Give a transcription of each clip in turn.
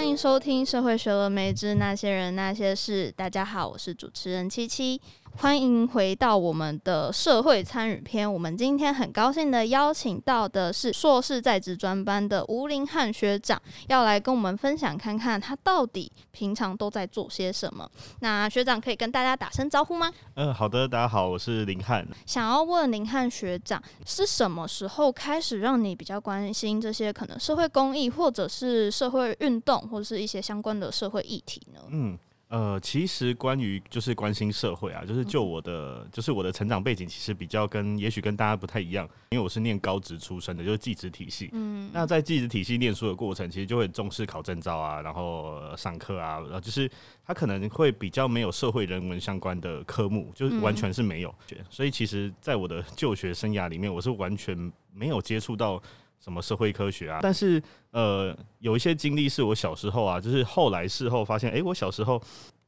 歡迎收聽《社會學峨眉之那些人那些事》。大家好，我是主持人七七。歡迎回到我們的社會參與篇。我們今天很高興的邀請到的是碩士在職專班的吳林翰學長，要來跟我們分享，看看他到底平常都在做些什麼。那學長可以跟大家打聲招呼嗎？嗯、呃，好的，大家好，我是林翰。想要問林翰學長，是什麼時候開始讓你比較關心這些可能社會公益，或者是社會運動，或者是一些相關的社會議題呢？嗯。呃，其實關於就是關心社會啊，就是就我的，嗯、就是我的成長背景，其實比較跟也許跟大家不太一樣，因為我是念高職出身的，就是技職體系。嗯，那在技職體系念書的過程，其實就會重視考證照啊，然後上課啊，然後就是他可能會比較沒有社會人文相關的科目，就是完全是沒有。嗯、所以，其實在我的就學生涯裡面，我是完全沒有接觸到。什麼社會科學啊？但是呃，有一些經歷是我小時候啊，就是後來事後發現，哎、欸，我小時候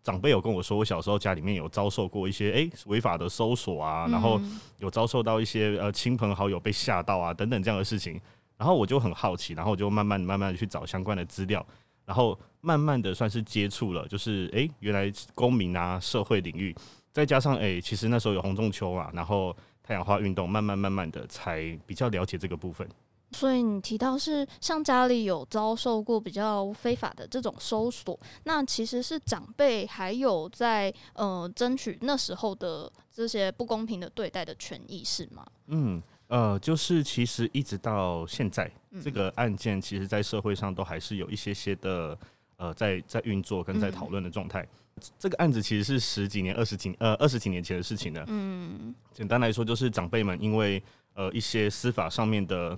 長輩有跟我說，我小時候家裡面有遭受過一些哎、欸、違法的搜索啊，然後有遭受到一些呃親朋好友被嚇到啊等等這樣的事情。然後我就很好奇，然後我就慢慢慢慢去找相關的資料，然後慢慢的算是接觸了，就是哎、欸、原來公民啊社會領域，再加上哎、欸、其實那時候有洪仲丘啊，然後太陽花運動，慢慢慢慢的才比較了解這個部分。所以你提到是像家裡有遭受過比較非法的這種搜索，那其實是長輩還有在呃爭取那時候的這些不公平的對待的權益是嗎？嗯呃，就是其實一直到現在、嗯、這個案件，其實，在社會上都還是有一些些的呃在在運作跟在討論的狀態。嗯、這個案子其實是十幾年、二十幾呃二十幾年前的事情了。嗯，簡單來說，就是長輩們因為呃一些司法上面的。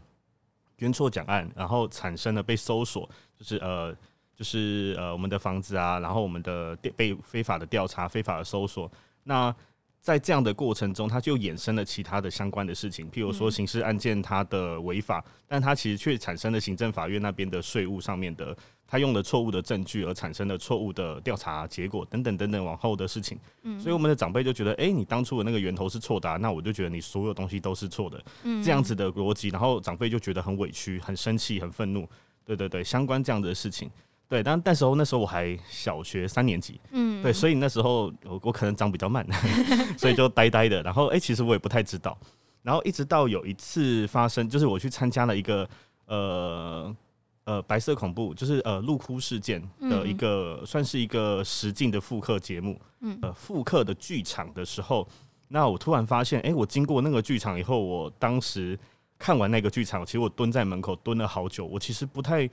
冤錯講案，然後產生了被搜索，就是呃，就是呃，我們的房子啊，然後我們的被非法的調查、非法的搜索，那。在這樣的過程中，他就衍生了其他的相關的事情，譬如說刑事案件他的違法，嗯、但他其實卻產生了行政法院那邊的稅務上面的，他用了錯誤的證據而產生了錯誤的調查結果等等等等往後的事情。嗯、所以我們的長輩就覺得，哎、欸，你當初的那個源頭是錯的、啊，那我就覺得你所有東西都是錯的，嗯、這樣子的邏輯，然後長輩就覺得很委屈、很生氣、很憤怒。對對對，相關這樣的事情。對，但但時候那時候我還小學三年級，嗯，對，所以那時候我我可能長比較慢， 所以就呆呆的。然後哎、欸，其實我也不太知道。然後一直到有一次發生，就是我去參加了一個呃呃白色恐怖，就是呃鹿窟事件的一個，嗯、算是一個實境的複刻節目，嗯，呃複刻的劇場的時候，那我突然發現，哎、欸，我經過那個劇場以後，我當時看完那個劇場，其實我蹲在門口蹲了好久，我其實不太。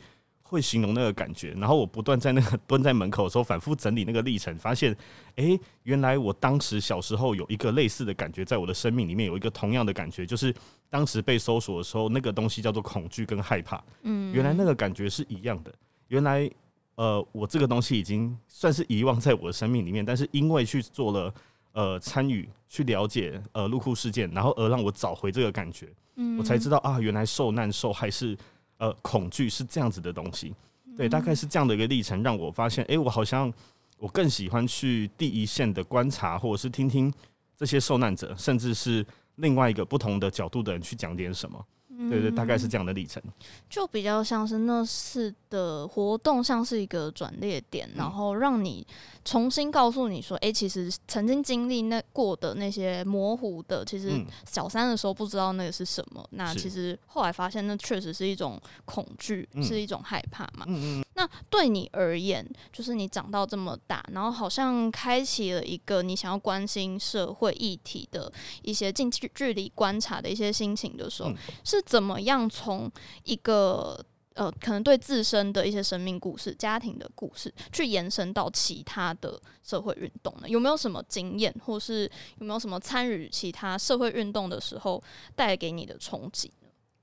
會形容那個感覺，然後我不斷在那個蹲在門口的時候，反覆整理那個歷程，發現，哎、欸，原來我當時小時候有一個類似的感覺，在我的生命裡面有一個同樣的感覺，就是當時被搜索的時候，那個東西叫做恐懼跟害怕。嗯，原來那個感覺是一樣的。原來，呃，我這個東西已經算是遺忘在我的生命裡面，但是因為去做了呃參與去了解呃鹿窟事件，然後而讓我找回這個感覺。嗯，我才知道啊，原來受難受害是。呃，恐懼是這樣子的東西，對，大概是這樣的一個歷程，讓我發現，哎、嗯嗯欸，我好像我更喜歡去第一線的觀察，或者是聽聽這些受難者，甚至是另外一個不同的角度的人去講點什麼。對，對對，大概是這樣的歷程，嗯，就比較像是，那是的活動，像是一個轉捩點，然後讓你重新告訴你說，哎、欸，其實曾經經歷那過的那些模糊的，其實小三的時候不知道那個是什麼，嗯，那其實後來發現，那確實是一種恐懼，嗯，是一種害怕嘛。嗯嗯那對你而言，就是你長到這麼大，然後好像開啟了一個你想要關心社會議題的一些近距距離觀察的一些心情的時候，嗯，是怎麼樣從一個呃，可能對自身的一些生命故事、家庭的故事，去延伸到其他的社會運動呢？有沒有什麼經驗，或是有沒有什麼參與其他社會運動的時候帶給你的衝擊？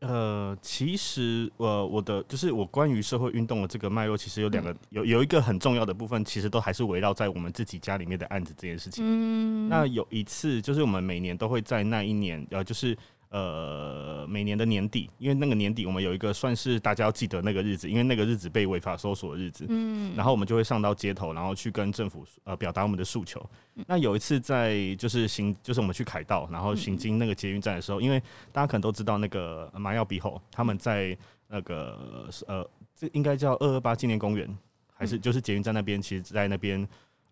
呃，其實，呃，我的就是我關於社會運動的這個脈絡，其實有兩個，嗯、有有一個很重要的部分，其實都還是圍繞在我們自己家裡面的案子這件事情。嗯、那有一次，就是我們每年都會在那一年，呃，就是。呃，每年的年底，因為那個年底我們有一個算是大家要記得那個日子，因為那個日子被違法搜索的日子，嗯，然後我們就會上到街頭，然後去跟政府呃表達我們的訴求。嗯、那有一次在就是行，就是我們去凱道，然後行經那個捷運站的時候，嗯、因為大家可能都知道那個麻藥鼻喉，他們在那個呃，這應該叫二二八紀念公園，還是就是捷運站那邊，嗯、其實在那邊。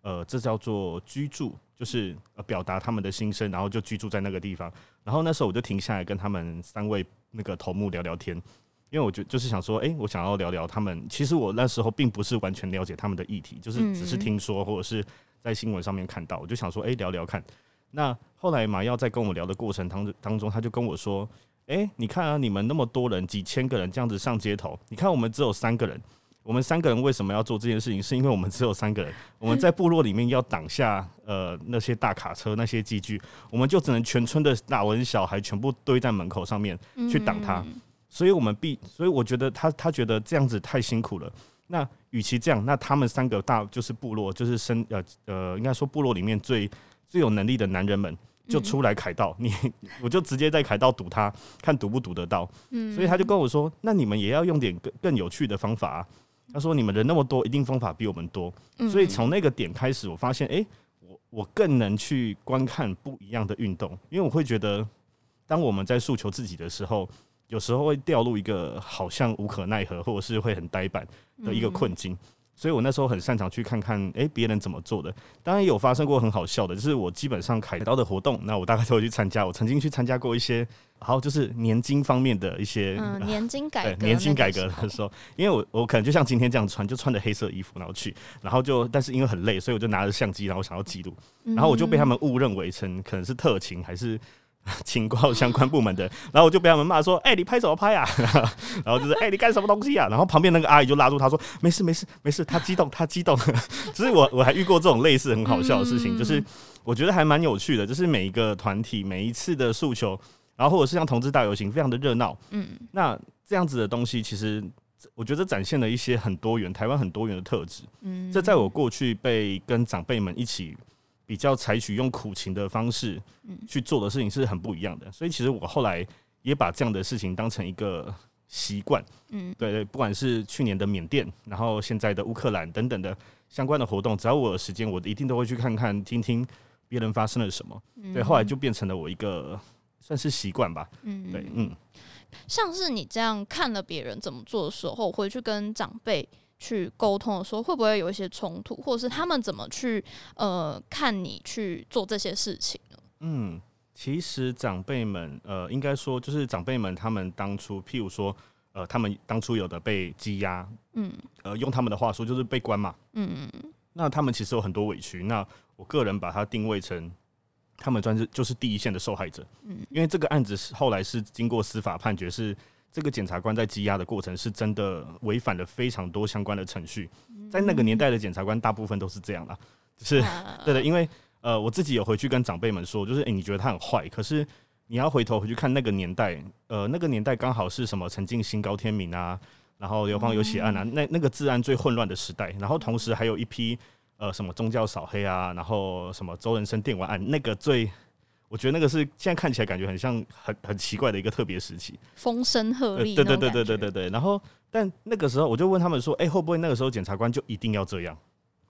呃，這叫做居住，就是表達他們的心聲，然後就居住在那個地方。然後那時候我就停下來跟他們三位那個頭目聊聊天，因為我就就是想說，哎、欸，我想要聊聊他們。其實我那時候並不是完全了解他們的議題，就是只是聽說、嗯、或者是在新聞上面看到，我就想說，哎、欸，聊聊看。那後來馬躍在跟我聊的過程當當中，他就跟我說，哎、欸，你看啊，你們那麼多人，幾千個人這樣子上街頭，你看我們只有三個人。我們三個人為什麼要做這件事情？是因為我們只有三個人，我們在部落裡面要擋下呃那些大卡車、那些機具，我們就只能全村的大人、小孩全部堆在門口上面去擋他。嗯、所以我們必，所以我覺得他他覺得這樣子太辛苦了。那與其這樣，那他們三個大就是部落，就是生呃呃，應該說部落裡面最最有能力的男人們就出來凱道。嗯、你我就直接在凱道堵他，看堵不堵得到。嗯、所以他就跟我說：“那你們也要用點更更有趣的方法啊。”他說：“你們人那麼多，一定方法比我們多，嗯、哼所以從那個點開始，我發現，誒、欸，我我更能去觀看不一樣的運動，因為我會覺得，當我們在訴求自己的時候，有時候會掉入一個好像無可奈何，或者是會很呆板的一個困境。嗯、哼所以，我那時候很擅長去看看，誒、欸，別人怎麼做的。當然，有發生過很好笑的，就是我基本上凱道的活動，那我大概都會去參加。我曾經去參加過一些。”然後就是年金方面的一些，嗯，年金改革，對年金改革的時候，因為我我可能就像今天這樣穿，就穿着黑色的衣服然後去，然後就但是因為很累，所以我就拿着相機，然後想要記錄，嗯、然後我就被他們誤認為成可能是特勤還是情報相關部門的， 然後我就被他們罵說：“哎、欸，你拍什麼拍呀、啊？” 然後就是：“哎、欸，你幹什麼東西啊？” 然後旁邊那個阿姨就拉住他說：“沒事，沒事，沒事。”他激動，他激動。其 實我我還遇過這種類似很好笑的事情，嗯、就是我覺得還蠻有趣的，就是每一個團體每一次的訴求。然後或者是像同志大遊行，非常的熱鬧。嗯，那這樣子的東西，其實我覺得展現了一些很多元、台灣很多元的特質。嗯，這在我過去被跟長輩們一起比較採取用苦情的方式去做的事情是很不一樣的。嗯，所以，其實我後來也把這樣的事情當成一個習慣。嗯，對對，不管是去年的緬甸，然後現在的烏克蘭等等的相關的活動，只要我有時間，我一定都會去看看、聽聽別人發生了什麼。嗯，對，後來就變成了我一個。算是習慣吧，嗯，對，嗯，像是你這樣看了別人怎麼做的時候，回去跟長輩去溝通的時候，會不會有一些衝突，或者是他們怎麼去呃看你去做這些事情呢？嗯，其實長輩們，呃，應該說就是長輩們，他們當初，譬如說，呃，他們當初有的被羈押，嗯，呃，用他們的話說就是被關嘛，嗯嗯嗯，那他們其實有很多委屈，那我個人把它定位成。他們專就是第一線的受害者，因為這個案子是後來是經過司法判決，是這個檢察官在羈押的過程是真的違反了非常多相關的程序。在那個年代的檢察官，大部分都是這樣啦，就是對的。因為呃，我自己有回去跟長輩們說，就是誒、欸，你覺得他很壞，可是你要回頭回去看那個年代，呃，那個年代剛好是什麼陳進興、高天民啊，然後劉邦友血案啊，那那個治安最混亂的時代，然後同時還有一批。呃，什麼宗教掃黑啊，然後什麼周人蔘電玩案，那個最，我覺得那個是現在看起來感覺很像很很奇怪的一個特別時期，風聲鶴唳、呃。對對對對對對對。然後，但那個時候我就問他們說，哎，會不會那個時候檢察官就一定要這樣，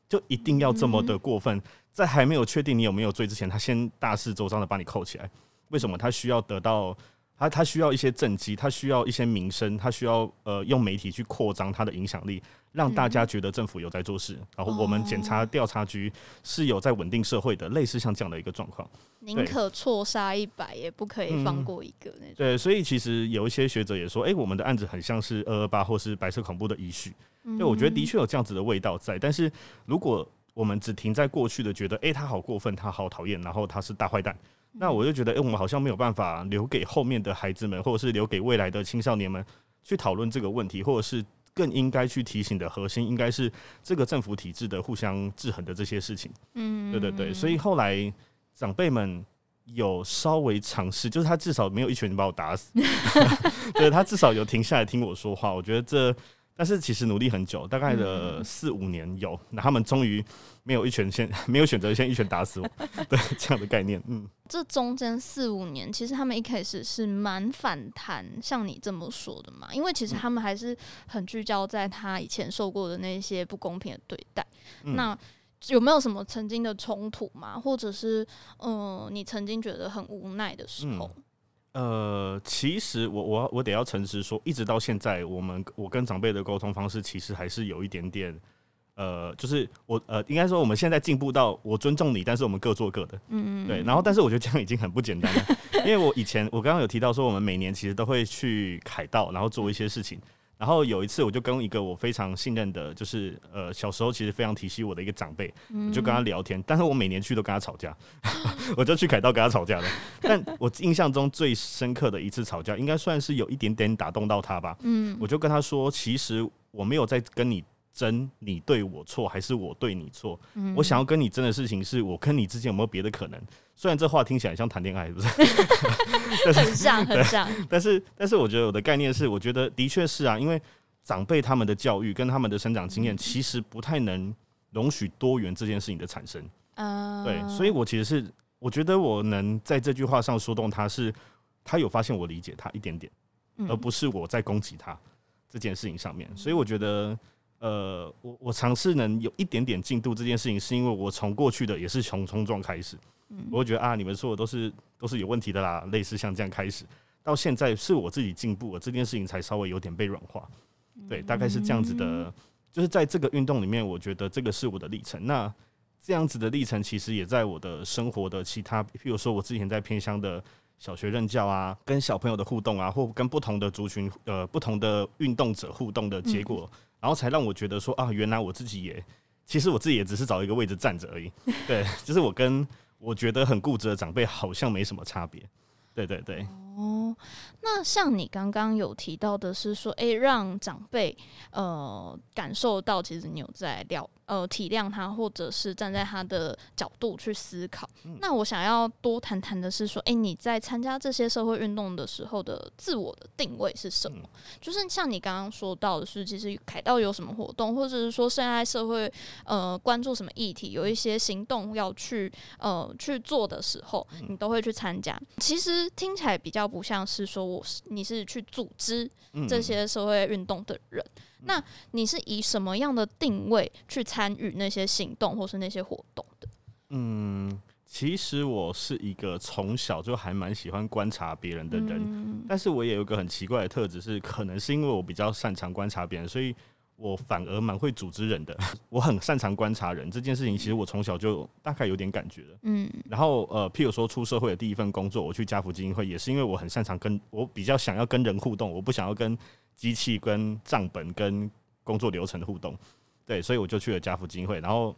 就一定要這麼的過分，嗯、在還沒有確定你有沒有罪之前，他先大肆周章的把你扣起來？為什麼他需要得到？他他需要一些政績，他需要一些名聲，他需要呃用媒體去擴張他的影響力，讓大家覺得政府有在做事。嗯、然後我們檢察調查局是有在穩定社會的，類似像這樣的一個狀況。寧可錯殺一百，對也不可以放過一個、嗯、那種。對，所以其實有一些學者也說，哎、欸，我們的案子很像是二二八或是白色恐怖的遺緒。嗯、對，我覺得的確有這樣子的味道在。但是如果我們只停在過去的，覺得哎、欸、他好過分，他好討厭，然後他是大壞蛋。那我就覺得，哎、欸，我們好像沒有辦法留給後面的孩子們，或者是留給未來的青少年們去討論這個問題，或者是更應該去提醒的核心，應該是這個政府體制的互相制衡的這些事情。嗯，對對對，所以後來長輩們有稍微嘗試，就是他至少沒有一拳就把我打死，對 他至少有停下來聽我說話。我覺得這。但是其實努力很久，大概的四五年有，那、嗯嗯、他們終於沒有一拳先沒有選擇先一拳打死我， 對，這樣的概念，嗯。這中間四五年，其實他們一開始是蠻反彈，像你這麼說的嘛，因為其實他們還是很聚焦在他以前受過的那些不公平的對待。嗯、那有沒有什麼曾經的衝突嗎？或者是嗯、呃，你曾經覺得很無奈的時候？嗯呃，其實我我我得要誠實說，一直到現在，我們我跟長輩的溝通方式其實還是有一點點，呃，就是我呃，應該說我們現在進步到我尊重你，但是我們各做各的，嗯嗯，對，然後但是我覺得這樣已經很不簡單了， 因為我以前我剛剛有提到說，我們每年其實都會去凱道，然後做一些事情。然後有一次，我就跟一個我非常信任的，就是呃，小時候其實非常提攜我的一個長輩，嗯、我就跟他聊天。但是我每年去都跟他吵架， 我就去凱道跟他吵架了。 但我印象中最深刻的一次吵架，應該算是有一點點打動到他吧。嗯，我就跟他說，其實我沒有在跟你。爭你對我錯，還是我對你錯？嗯、我想要跟你爭的事情是，是我跟你之間有沒有別的可能？雖然這話聽起來像談戀愛，是不是？ 是很像，很像。但是，但是，我覺得我的概念是，我覺得的確是啊，因為長輩他們的教育跟他們的生長經驗，其實不太能容許多元這件事情的產生。嗯、對，所以，我其實是我覺得我能在這句話上說動他是，是他有發現我理解他一點點，嗯、而不是我在攻擊他這件事情上面。所以，我覺得。呃，我我嘗試能有一點點進度這件事情，是因為我從過去的也是從衝撞開始，嗯、我會覺得啊，你們說的都是都是有問題的啦，類似像這樣開始，到現在是我自己進步了，這件事情才稍微有點被軟化，嗯、對，大概是這樣子的，就是在這個運動裡面，我覺得這個是我的歷程。那這樣子的歷程，其實也在我的生活的其他，譬如說我之前在偏鄉的。小學任教啊，跟小朋友的互動啊，或跟不同的族群、呃，不同的運動者互動的結果，嗯、然後才讓我覺得說啊，原來我自己也，其實我自己也只是找一個位置站着而已。對， 就是我跟我覺得很固執的長輩好像沒什麼差別。對對對。嗯哦，那像你剛剛有提到的是說，哎、欸，讓長輩呃感受到其實你有在了呃體諒他，或者是站在他的角度去思考。嗯、那我想要多談談的是說，哎、欸，你在參加這些社會運動的時候的自我的定位是什麼？嗯、就是像你剛剛說到的是，其實凱道有什麼活動，或者是說現在社會呃關注什麼議題，有一些行動要去呃去做的時候，你都會去參加。嗯、其實聽起來比較。不像是說我是你是去組織這些社會運動的人，嗯，那你是以什麼樣的定位去參與那些行動或是那些活動的？嗯，其實我是一個從小就還蠻喜歡觀察別人的人，嗯，但是我也有一個很奇怪的特質，是可能是因為我比較擅長觀察別人，所以。我反而蠻會組織人的，我很擅長觀察人，這件事情其實我從小就大概有點感覺了。嗯。然後呃，譬如說出社會的第一份工作，我去家福基金會，也是因為我很擅長跟，我比較想要跟人互動，我不想要跟機器、跟賬本、跟工作流程的互動，對，所以我就去了家福基金會。然後，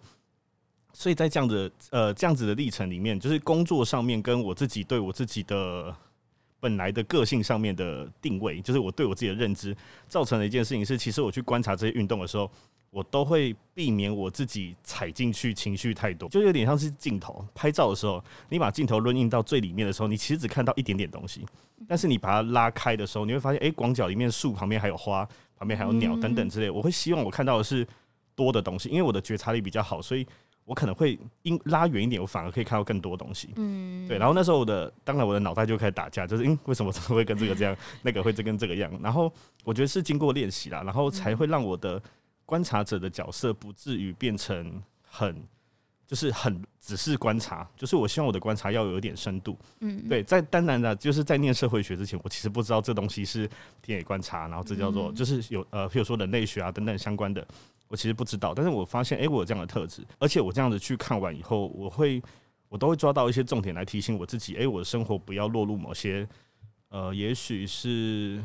所以在這樣子呃這樣子的歷程裡面，就是工作上面跟我自己對我自己的。本來的個性上面的定位，就是我對我自己的認知造成的一件事情是，其實我去觀察這些運動的時候，我都會避免我自己踩進去情緒太多，就有點像是鏡頭拍照的時候，你把鏡頭掄印到最裡面的時候，你其實只看到一點點東西，但是你把它拉開的時候，你會發現，誒，廣角裡面樹旁邊還有花，旁邊還有鳥等等之類。我會希望我看到的是多的東西，因為我的覺察力比較好，所以，我可能會因拉遠一點，我反而可以看到更多東西。嗯，對。然後那時候我的，當然我的腦袋就開始打架，就是嗯，為什麼會跟這個這樣， 那個會這跟這個樣。然後我覺得是經過練習啦，然後才會讓我的觀察者的角色不至於變成很，嗯、就是很只是觀察。就是我希望我的觀察要有一點深度。嗯，對。在當然呢，就是在念社會學之前，我其實不知道這東西是田野觀察，然後這叫做就是有、嗯、呃，比如說人類學啊等等相關的。我其實不知道，但是我發現，誒、欸，我有這樣的特質，而且我這樣子去看完以後，我會，我都會抓到一些重點來提醒我自己，誒、欸，我的生活不要落入某些，呃，也許是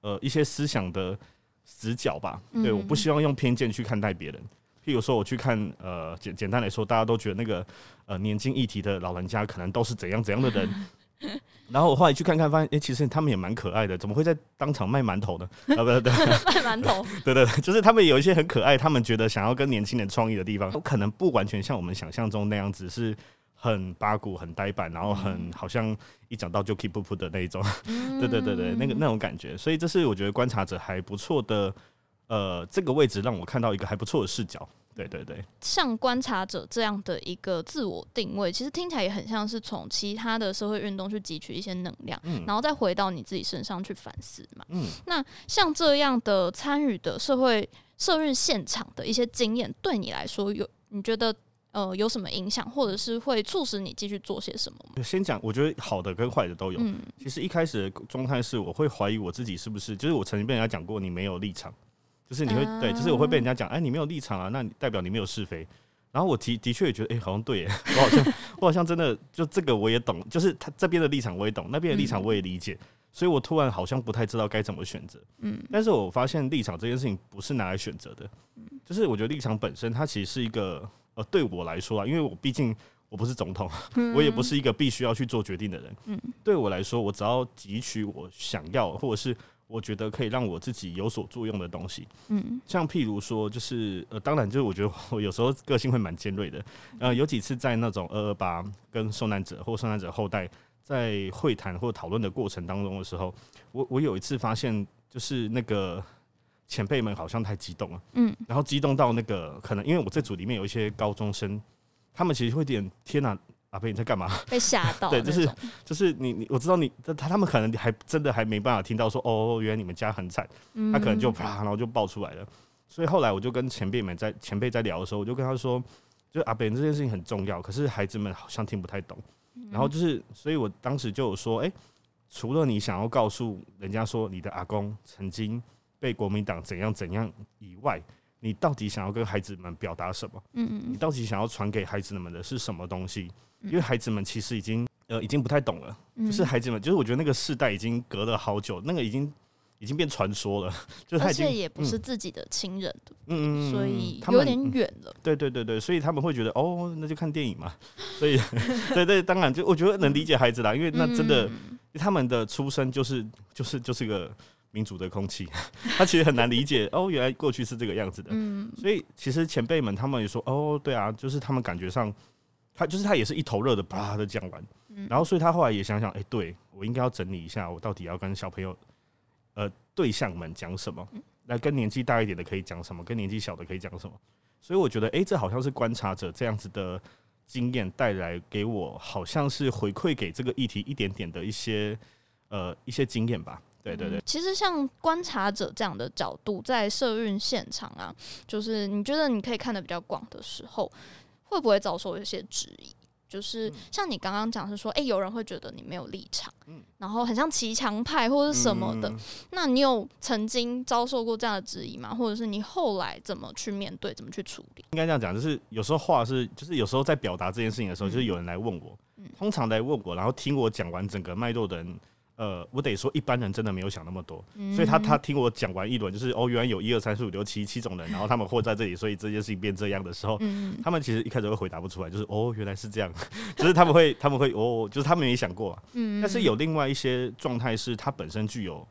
呃一些思想的死角吧。對，我不希望用偏見去看待別人。譬、嗯嗯、如說，我去看，呃，簡簡單來說，大家都覺得那個呃年近一體的老人家，可能都是怎樣怎樣的人。 然後我後來去看看，發現哎，其實他們也蠻可愛的。怎麼會在當場賣饅頭呢？啊，不對，對，賣饅頭，對對對，就是他們有一些很可愛，他們覺得想要跟年輕人創意的地方，都可能不完全像我們想象中那樣子，是很八股、很呆板，然後很、嗯、好像一講到就 keep 不的那一種。對對對對，對，那個那種感覺，所以這是我覺得觀察者還不錯的。呃，這個位置讓我看到一個還不錯的視角。對對對，像觀察者這樣的一個自我定位，其實聽起來也很像是從其他的社會運動去汲取一些能量，嗯，然後再回到你自己身上去反思嘛。嗯，那像這樣的參與的社會社運現場的一些經驗，對你來說有你覺得呃有什麼影響，或者是會促使你繼續做些什麼嗎？先講，我覺得好的跟壞的都有。嗯，其實一開始的狀態是，我會懷疑我自己是不是，就是我曾經被人家講過，你沒有立場。就是你會對，就是我會被人家講，哎，你沒有立場啊，那你代表你沒有是非。然後我的的確也覺得，哎、欸，好像對耶，我好像 我好像真的就這個我也懂，就是他這邊的立場我也懂，那邊的立場我也理解，嗯、所以我突然好像不太知道該怎麼選擇。嗯，但是我發現立場這件事情不是拿來選擇的，就是我覺得立場本身它其實是一個呃，對我來說啊，因為我畢竟我不是總統，嗯、 我也不是一個必須要去做決定的人。嗯，對我來說，我只要汲取我想要或者是。我覺得可以讓我自己有所作用的東西，嗯，像譬如說，就是呃，當然，就是我覺得我有時候個性會蠻尖銳的，呃，有幾次在那種二二八跟受難者或受難者後代在會談或討論的過程當中的時候，我我有一次發現，就是那個前輩們好像太激動了，嗯，然後激動到那個可能，因為我這組裡面有一些高中生，他們其實會點天哪、啊。阿伯，你在幹嘛？被嚇到？對，就是就是你你，我知道你他他，他們可能還真的還沒辦法聽到說哦，原來你們家很慘，嗯、他可能就啪，然後就爆出來了。所以後來我就跟前輩們在前輩在聊的時候，我就跟他說，就阿伯這件事情很重要，可是孩子們好像聽不太懂。嗯、然後就是，所以我當時就有說，哎、欸，除了你想要告訴人家說你的阿公曾經被國民黨怎樣怎樣以外。你到底想要跟孩子們表達什麼？嗯，你到底想要傳給孩子們的是什麼東西？嗯、因為孩子們其實已經呃已經不太懂了，嗯、就是孩子們，就是我覺得那個世代已經隔了好久，那個已經已經變傳說了，就是而且也不是自己的親人嗯，嗯所以他們有點遠了、嗯。對對對對，所以他們會覺得哦，那就看電影嘛。所以， 對，對，對，當然，就我覺得能理解孩子啦，嗯、因為那真的他們的出生就是就是就是一個。民主的空氣， 他其實很難理解。 哦，原來過去是這個樣子的。嗯、所以其實前輩們他們也說，哦，對啊，就是他們感覺上，他就是他也是一頭熱的，啪的講完。嗯、然後所以他後來也想想，哎、欸，對，我應該要整理一下，我到底要跟小朋友，呃，對象們講什麼？來、嗯、跟年紀大一點的可以講什麼？跟年紀小的可以講什麼？所以我覺得，哎、欸，這好像是觀察者這樣子的經驗帶來給我，好像是回饋給這個議題一點點的一些，呃，一些經驗吧。對對對、嗯，其實像觀察者這樣的角度，在社運現場啊，就是你覺得你可以看得比較廣的時候，會不會遭受一些質疑？就是像你剛剛講是說，哎、欸，有人會覺得你沒有立場，嗯、然後很像騎牆派或者什麼的。嗯、那你有曾經遭受過這樣的質疑嗎？或者是你後來怎麼去面對，怎麼去處理？應該這樣講，就是有時候話是，就是有時候在表達這件事情的時候，嗯、就是有人來問我，嗯、通常來問我，然後聽我講完整個脈絡的人，呃，我得說一般人真的沒有想那麼多，嗯、所以他他聽我講完一輪，就是哦，原來有一二三四五六七七種人，然後他們或在這裡，嗯、所以這件事情變這樣的時候，嗯、他們其實一開始會回答不出來，就是哦，原來是這樣，就是他們會 他們會哦，就是他們沒想過，嗯、但是有另外一些狀態是他本身具有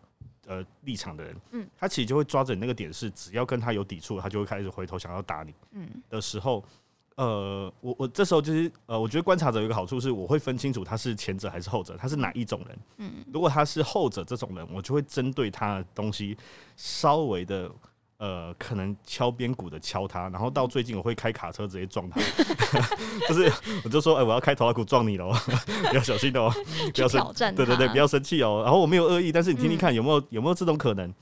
呃立場的人，嗯、他其實就會抓着你那個點是，是只要跟他有抵觸，他就會開始回頭想要打你，嗯的時候。嗯呃，我我這時候就是呃，我覺得觀察者有一個好處，是我會分清楚，他是前者還是後者，他是哪一種人。嗯、如果他是後者這種人，我就會針對他的東西稍微的呃，可能敲邊鼓的敲他，然後到最近我會開卡車直接撞他，嗯、 就是我就說哎、欸，我要開頭號鼓撞你咯， 不要小心哦，不要生，對對對，不要生氣哦。然後我沒有惡意，但是你聽聽看有沒有、嗯、有沒有這種可能？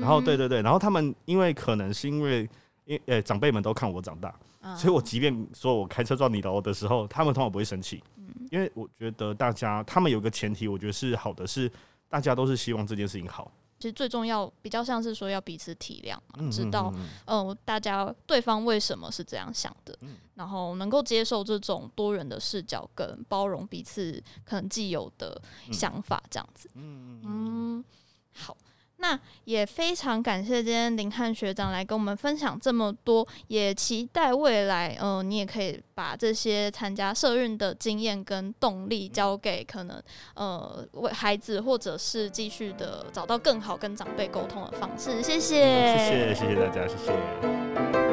然後對對對，然後他們因為可能是因為因呃、欸、長輩們都看我長大。所以，我即便說我開車撞你我的時候，他們通常不會生氣，嗯、因為我覺得大家他們有個前提，我覺得是好的，是大家都是希望這件事情好。其實最重要，比較像是說要彼此體諒嘛，嗯、知道嗯、呃，大家對方為什麼是這樣想的，嗯、然後能夠接受這種多人的視角跟包容彼此可能既有的想法，這樣子。嗯、嗯、嗯，好。那也非常感謝今天林翰學長來跟我們分享這麼多，也期待未來，嗯、呃，你也可以把這些參加社運的經驗跟動力交給可能，呃，為孩子，或者是繼續的找到更好跟長輩溝通的方式。謝謝、嗯，謝謝，謝謝大家，謝謝。